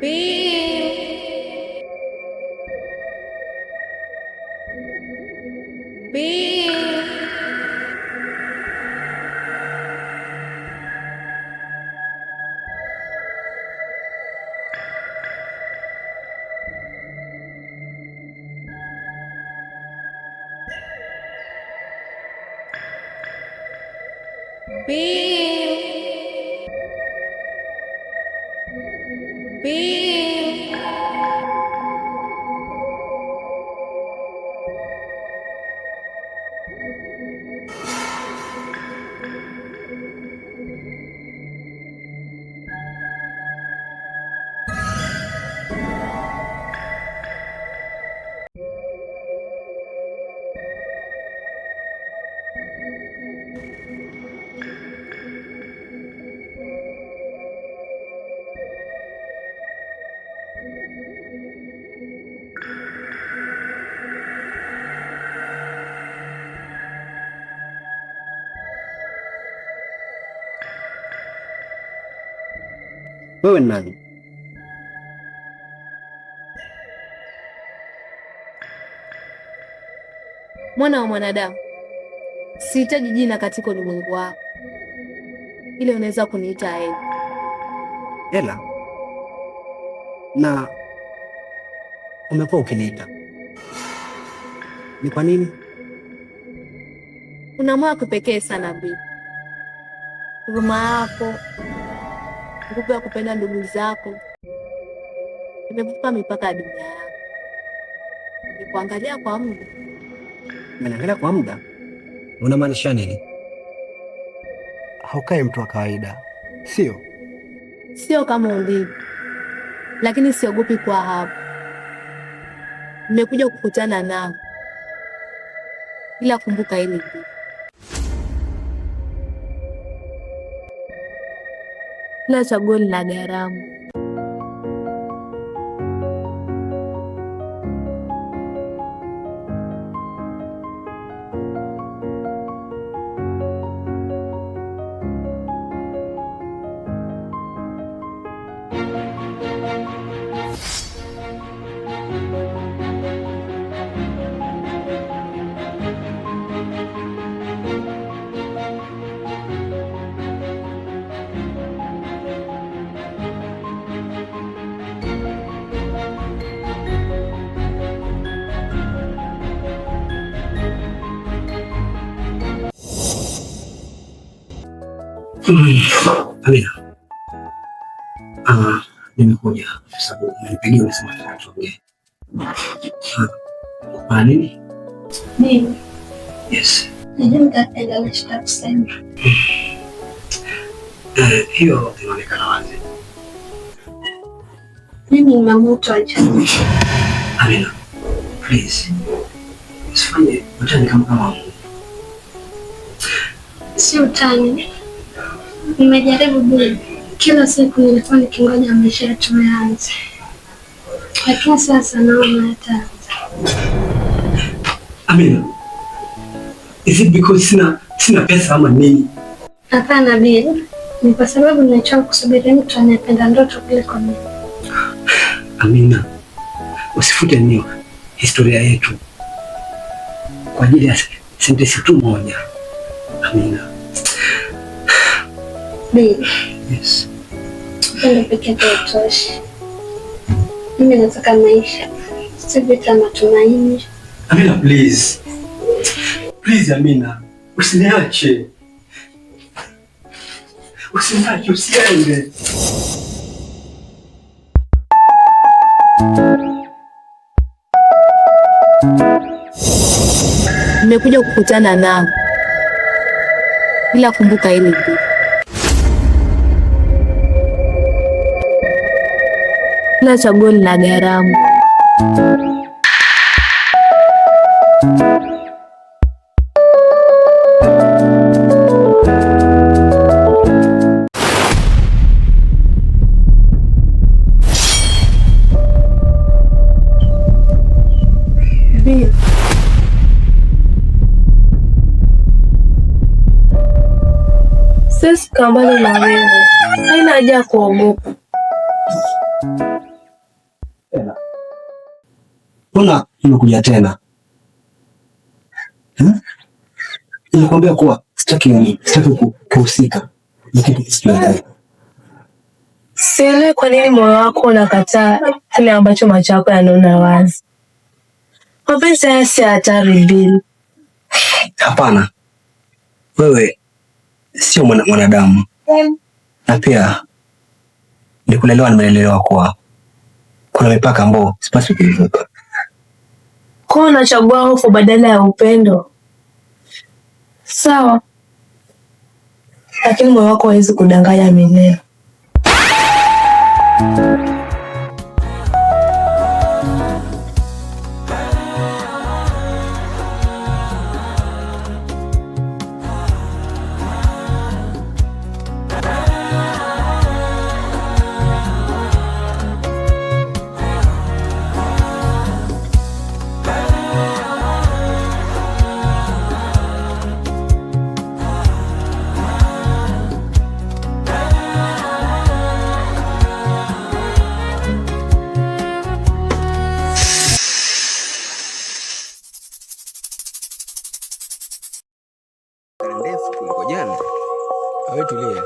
Be wewe nani? Mwana wa mwanadamu, sihitaji jina katika ulimwengu wako, ile unaweza kuniita Ela. Ela? na umekuwa ukiniita ni kwa nini? Una moyo wa kipekee sana Bi, huruma yako nguvu ya kupenda ndugu zako. imevuka mipaka ya dunia yako, nimekuangalia kwa muda. Umeniangalia kwa muda? Unamaanisha nini? Haukai mtu wa kawaida, sio? Sio kama ulivyo, lakini siogopi kwa hapo. Nimekuja kukutana nao, ila kumbuka hili kila chaguo lina gharama Amina. Ah, nimekuja kwa sababu nilipigia umesema tuongee. Kwa nini? Mimi. Yes. Hiyo inaonekana wazi. Mimi ni mamuto ajana. Amina. Please. Usifanye utani kama kama. Si utani. Nimejaribu bila kila siku, nilikuwa nikingoja maisha yetu yaanze, lakini sasa naona hata Amina, is it because sina sina pesa ama nini? Hapana Bill, ni kwa sababu nimechoka kusubiri mtu anayependa ndoto kuliko mimi. Amina, usifute nio historia yetu kwa ajili ya sentensi tu moja. Amina. Babe. Upendo peke hautoshi. Mimi nataka maisha, si vita, matumaini. Amina, please. Please, Amina, usiniache, usiniache, usiende. Nimekuja kukutana nao, ila kumbuka hili kila chaguo lina gharama. Sisi kambali na wewe, haina haja ya kuogopa. nimekuja tena hmm? Nilikwambia kuwa sitaki kuhusika na kitu kisichoeleweka. Sielewi kwa nini moyo wako unakataa kile ambacho macho yako yanaona wazi. Mapenzi haya si hatari Bili. Hapana, wewe sio mwanadamu na pia nikulelewa, nimelelewa kuwa kuna mipaka ambao sipaswi kuivuka. Kwa unachagua hofu badala ya upendo. Sawa, lakini moyo wako hawezi kudanganya milele. હવે જોઈએ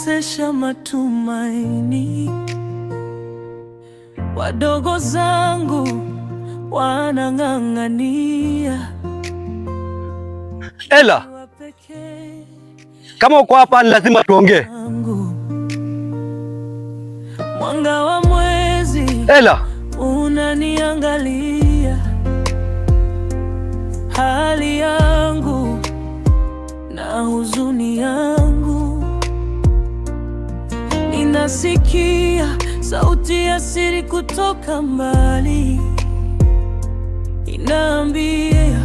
kukosesha matumaini. Wadogo zangu wanang'ang'ania. Ela, kama uko hapa ni lazima tuongee. Mwanga wa mwezi Ela, unaniangalia nasikia sauti ya siri kutoka mbali, inaambia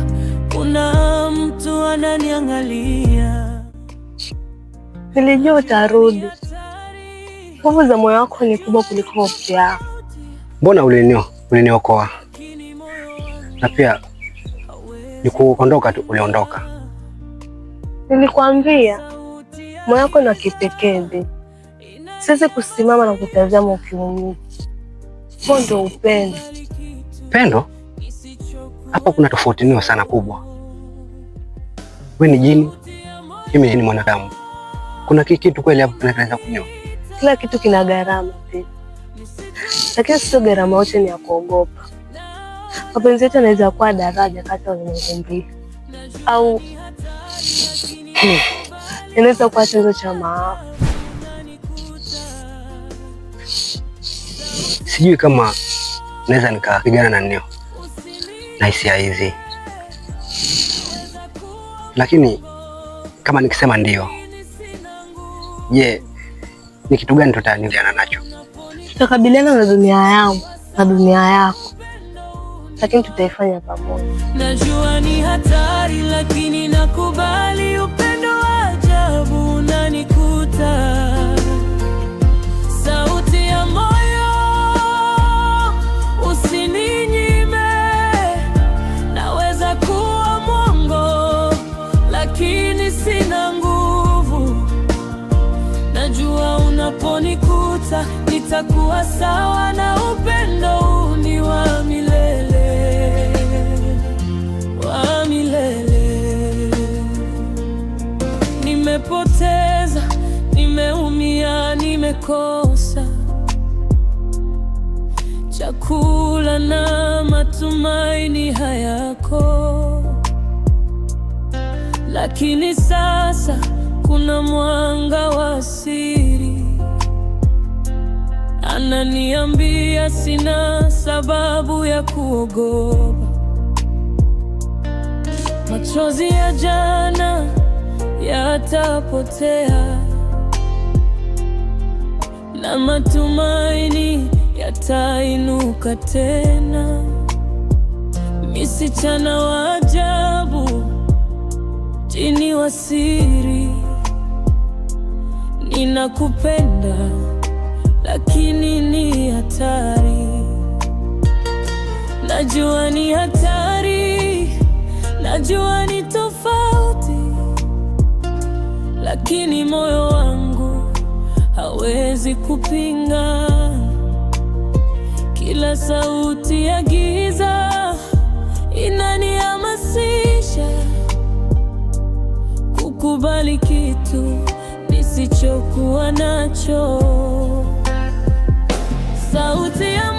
kuna mtu ananiangalia. Nilijua utarudi. Nguvu za moyo wako ni kubwa kuliko hofu yako. Mbona ulinio uliniokoa, na pia ni kuondoka tu, uliondoka. Nilikwambia moyo wako na kipekee siwezi kusimama na kutazama ukiumia. Huo ndio upendo. Upendo hapo kuna tofauti nio sana kubwa. Wewe ni jini, mimi ni mwanadamu. Kuna kitu kweli hapo kinaweza kunyoa. Kila kitu kina gharama pia, lakini sio gharama yote ni ya kuogopa. Mapenzi yetu yanaweza kuwa daraja kati ya ulimwengu mbili, au inaweza hmm, kuwa chanzo cha maafa. sijui kama naweza nikapigana na neo na hisia hizi, lakini kama nikisema ndio, je, ni kitu gani tutaniana nacho? Tutakabiliana na dunia yangu na dunia yako, lakini tutaifanya pamoja. Najua ni hatari, lakini nakubali upe lakini sina nguvu. Najua unaponikuta nitakuwa sawa, na upendo uni wa milele, wa milele. Nimepoteza, nimeumia, nimekosa chakula na matumaini hayako lakini sasa kuna mwanga wa siri ananiambia, sina sababu ya kuogopa. Machozi ya jana yatapotea na matumaini yatainuka tena, msichana wa ajabu Mtini wa siri, ninakupenda lakini ni hatari. Najua ni hatari, najua ni tofauti, lakini moyo wangu hawezi kupinga kila sauti ya giza inanihamasisha kukubali kitu nisichokuwa nacho. Sauti ya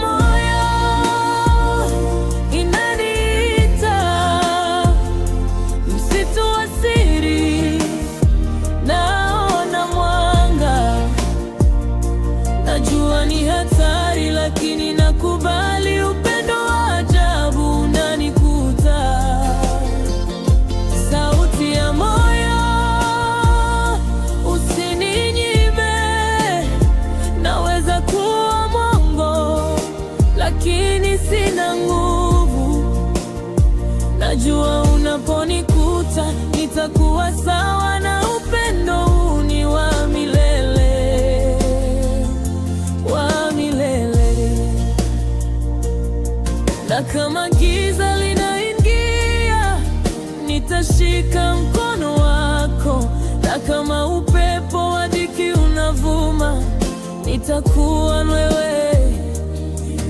nitakuwa wewe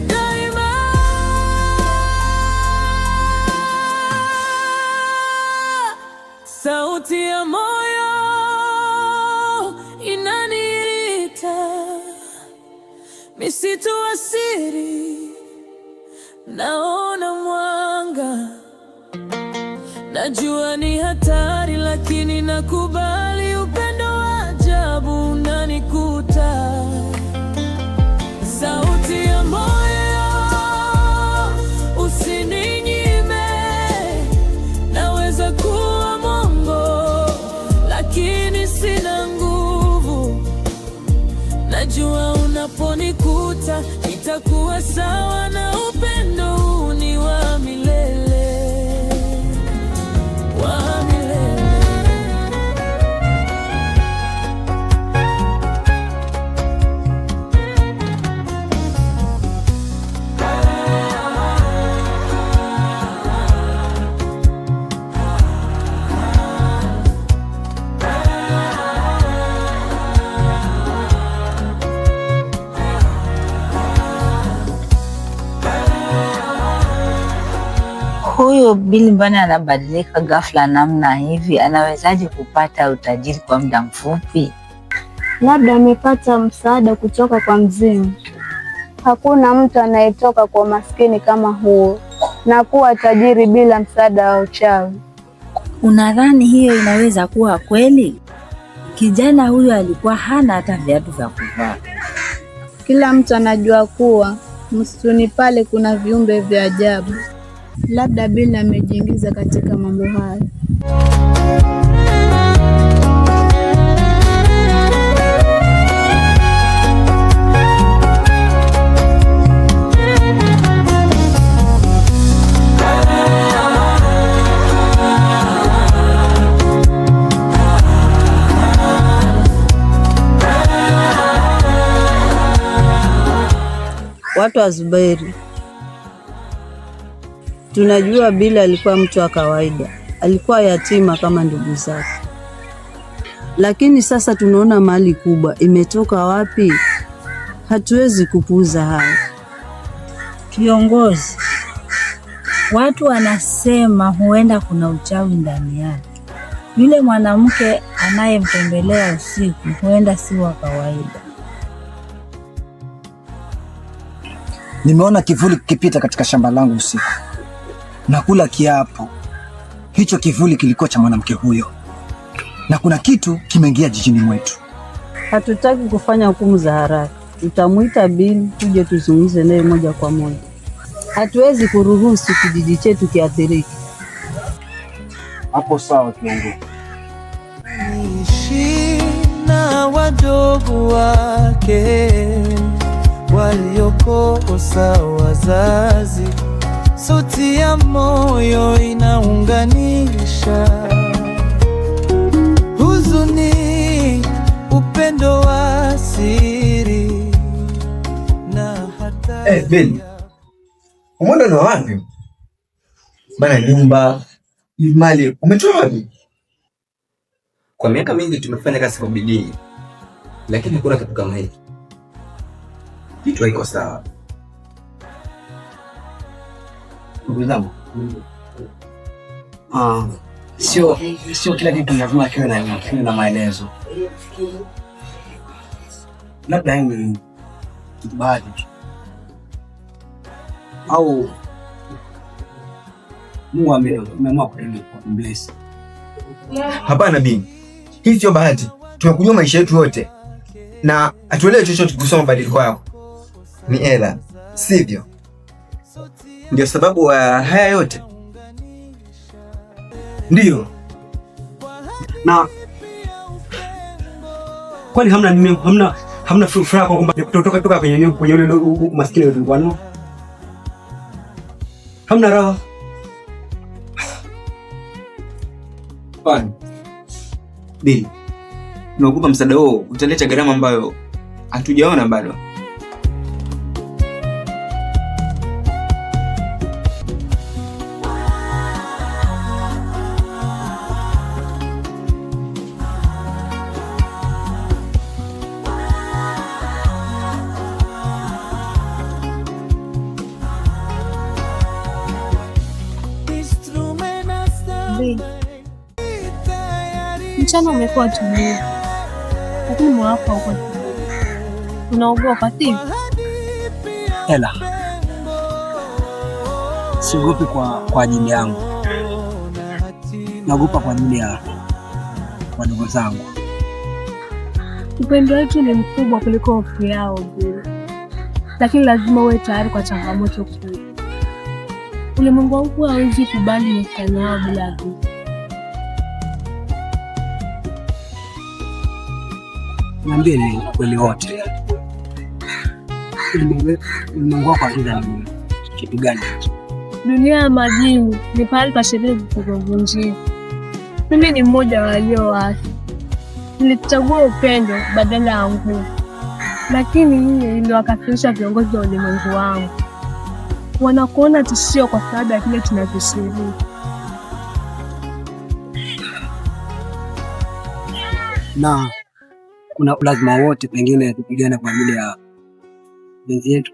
daima. Sauti ya moyo inaniita, misitu asiri naona mwanga, najua ni hatari, lakini nakubali itakuwa sawa na Billy mbona anabadilika ghafla namna hivi? Anawezaje kupata utajiri kwa muda mfupi? Labda amepata msaada kutoka kwa mzimu. Hakuna mtu anayetoka kwa maskini kama huo na kuwa tajiri bila msaada wa uchawi. Unadhani hiyo inaweza kuwa kweli? Kijana huyo alikuwa hana hata viatu vya kuvaa. Kila mtu anajua kuwa msituni pale kuna viumbe vya ajabu. Labda bila amejiingiza katika mambo hayo watu wa Zuberi Tunajua Bili alikuwa mtu wa kawaida, alikuwa yatima kama ndugu zake, lakini sasa tunaona mali kubwa imetoka wapi. Hatuwezi kupuuza haya. Kiongozi, watu wanasema huenda kuna uchawi ndani yake. Yule mwanamke anayemtembelea usiku huenda si wa kawaida. Nimeona kivuli kikipita katika shamba langu usiku na kula kiapo. Hicho kivuli kilikuwa cha mwanamke huyo, na kuna kitu kimeingia jijini mwetu. Hatutaki kufanya hukumu za haraka, tutamwita Bili tuje tuzungumze naye moja kwa moja. Hatuwezi kuruhusu kijiji chetu kiathirike. Hapo sawa, kiongozi. na wadogo wake waliokosa wazazi sauti ya moyo inaunganisha huzuni, upendo wa siri na hata hey, eh, Ben, umwenda ni wapi bana? Nyumba ni mali, umetoa wapi? Kwa miaka mingi tumefanya kazi kwa bidii, lakini hakuna kitu kama hiki. Kitu haiko sawa. ndugu zangu, ah, sio sio kila kitu lazima kiwe na kiwe na maelezo. Labda ni baadhi au Mungu ameamua kutubless. Hapana bin, hii sio bahati. Tumekujua maisha yetu yote na hatuelewe chochote kuhusu mabadiliko yako, ni hela, sivyo? Ndio sababu ya uh, haya yote ndiyo. Na kwani hamna nini? hamna hamna furaha kwa kwamba kutoka toka kwenye kwenye ile maskini wetu wano, hamna raha kwani? Ni Naogopa msaada huo utaleta gharama ambayo hatujaona bado. ulikuwa tulivu, lakini moyo wako hauko tulivu. Unaogopa sivyo? Ela, siogopi kwa kwa ajili yangu, naogopa kwa ajili ya wadogo zangu. Upendo wetu ni mkubwa kuliko hofu yao, lakini lazima uwe tayari kwa changamoto kuu. Ulimwengu wangu hawezi kubali mkutano wao bila niambie ni ukweli wote, ulimwengu wako akiza ni kitu gani? Dunia ya majini ni pahali pa sherehe Mimi ni mmoja wa walioasi. Nilichagua upendo badala ya nguvu, lakini hiyo iliwakafirisha viongozi wa ulimwengu wangu. Wanakuona tishio kwa sababu ya kile tunakishiriki. na kuna lazima wote pengine tupigane kwa ajili ya benzi yetu.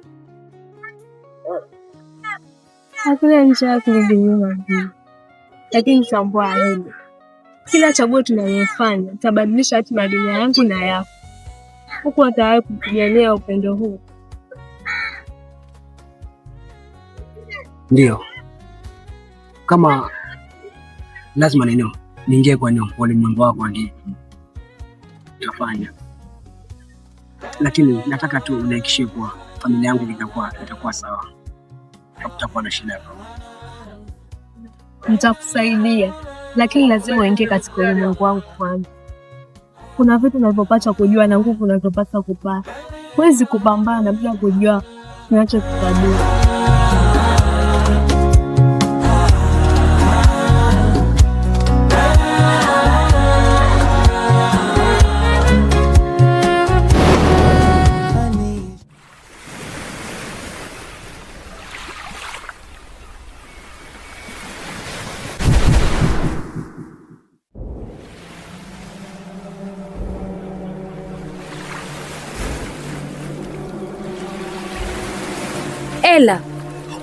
Hakuna njia kurudi nyuma, lakini tambua hili, kila chaguo tunayofanya tabadilisha hatima ya dunia yangu na yako, huku watawai kupigania upendo huu. Ndio kama lazima ninio niingie kwa ulimwengu wako, ndio tutafanya, lakini nataka tu unihakikishie kuwa familia yangu itakuwa itakuwa sawa, hakutakuwa na shida. Nitakusaidia, lakini lazima uingie katika ulimwengu wangu kwanza. Kuna vitu unavyopata kujua na nguvu unavyopata kupata. Huwezi kupambana bila kujua unachokikabili. Stella,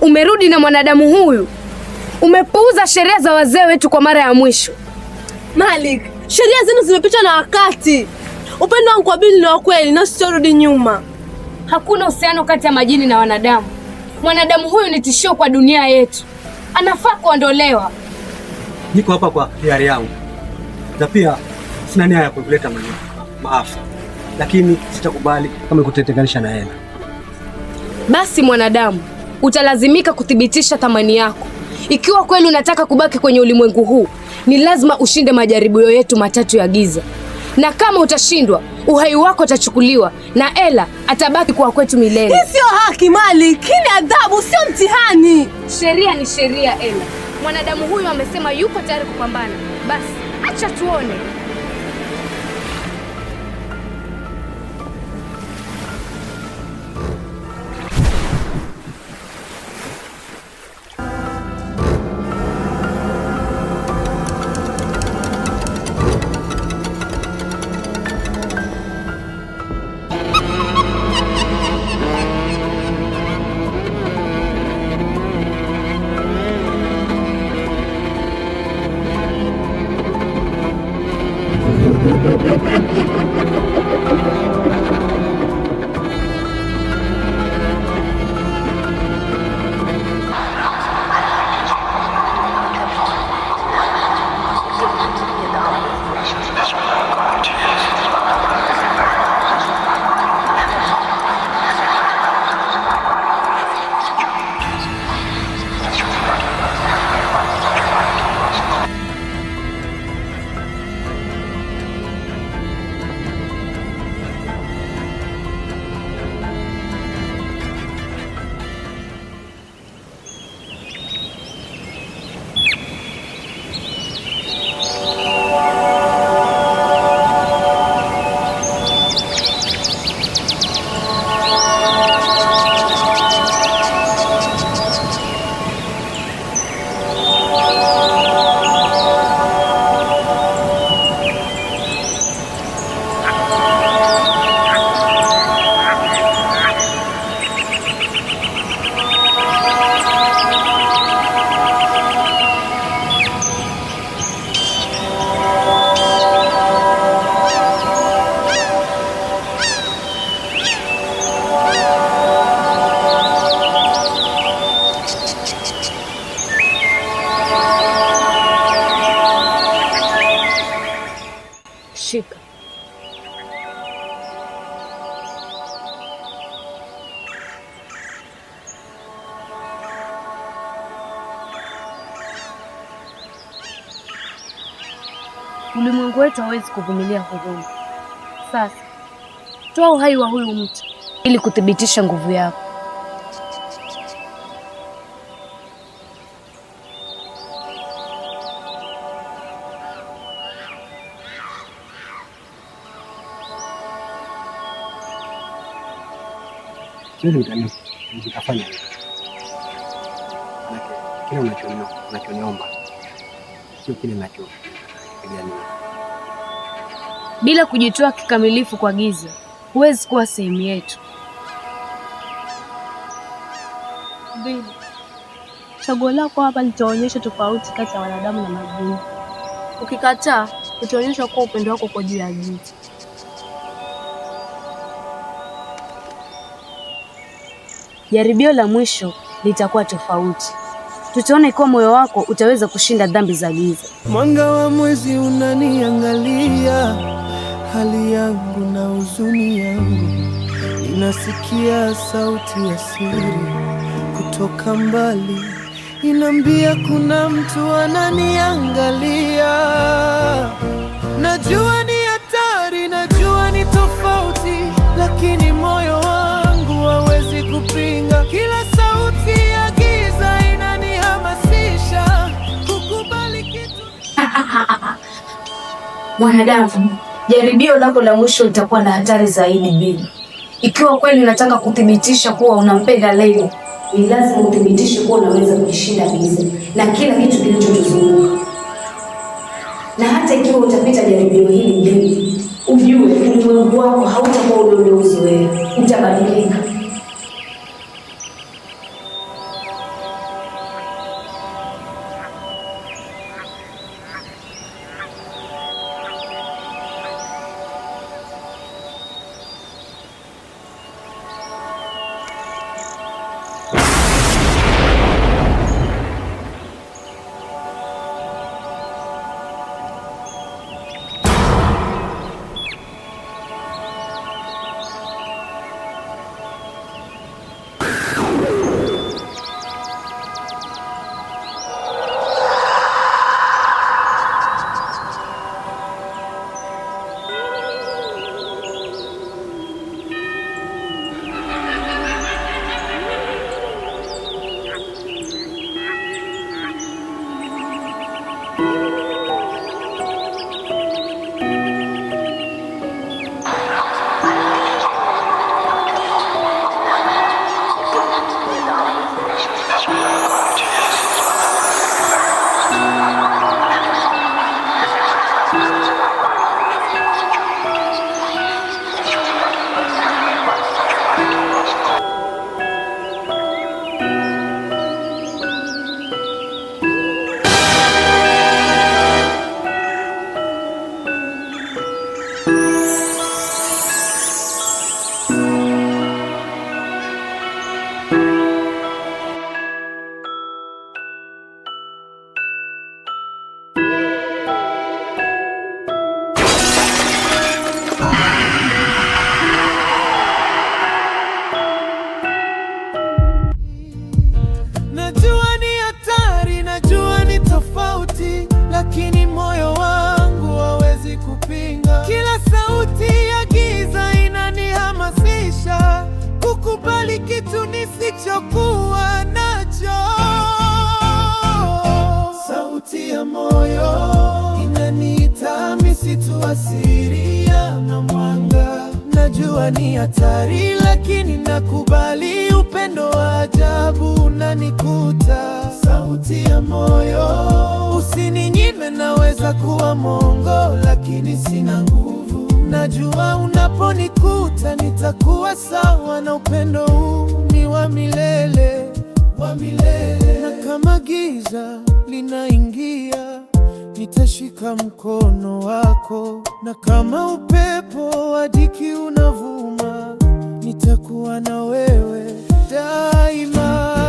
umerudi na mwanadamu huyu. Umepuuza sheria za wazee wetu kwa mara ya mwisho. Malik, sheria zenu zimepitwa na wakati. Upendo wangu kwa ni wa kweli na sitorudi nyuma. Hakuna uhusiano kati ya majini na wanadamu. Mwanadamu huyu ni tishio kwa dunia yetu, anafaa kuondolewa. Niko hapa kwa hiari yangu, na pia sina nia ya kuleta maafa, lakini sitakubali kama kutetenganisha na yeye basi mwanadamu, utalazimika kuthibitisha thamani yako. Ikiwa kweli unataka kubaki kwenye ulimwengu huu, ni lazima ushinde majaribio yetu matatu ya giza, na kama utashindwa, uhai wako utachukuliwa na ela atabaki kuwa kwetu milele. Hii sio haki mali hii ni adhabu, sio mtihani. Sheria ni sheria, ela Mwanadamu huyu amesema yuko tayari kupambana, basi acha tuone. kuvumilia huruma. Sasa toa uhai wa huyu mtu ili kuthibitisha nguvu yako. Nikafanya kile unachoniomba sio kile nachopigania. Bila kujitoa kikamilifu kwa giza, huwezi kuwa sehemu yetu. Bili, chaguo lako hapa litaonyesha tofauti kati ya wanadamu na majini. Ukikataa, utaonyesha kuwa upendo wako kwa juu ya giza. Jaribio la mwisho litakuwa tofauti. Tutaona ikiwa moyo wako utaweza kushinda dhambi za giza. Mwanga wa mwezi unaniangalia hali yangu na huzuni yangu, inasikia sauti ya siri kutoka mbali, inaambia kuna mtu ananiangalia. Najua ni hatari, najua ni tofauti, lakini moyo wangu hawezi kupinga kila sauti ya giza inanihamasisha kukubali kitu Mwanadamu jaribio lako la mwisho litakuwa na hatari zaidi Bili. Ikiwa kweli nataka kuthibitisha kuwa unampenda Leo, ni lazima uthibitishe kuwa unaweza kujishinda biza na kila kitu kinachotuzunguka. na hata ikiwa utapita jaribio hili Bili, ujue ulimwengu wako hautakuwa ule ule utabadilika. kukubali kitu nisichokuwa nacho. Sauti ya moyo inaniita misitu asiria na mwanga. Najua ni hatari, lakini nakubali upendo wa ajabu unanikuta. Sauti ya moyo, usininyime, naweza kuwa mongo, lakini sina nguvu Najua unaponikuta nitakuwa sawa, na upendo huu ni wa milele, wa milele. Na kama giza linaingia, nitashika mkono wako, na kama upepo wa dhiki unavuma, nitakuwa na wewe daima.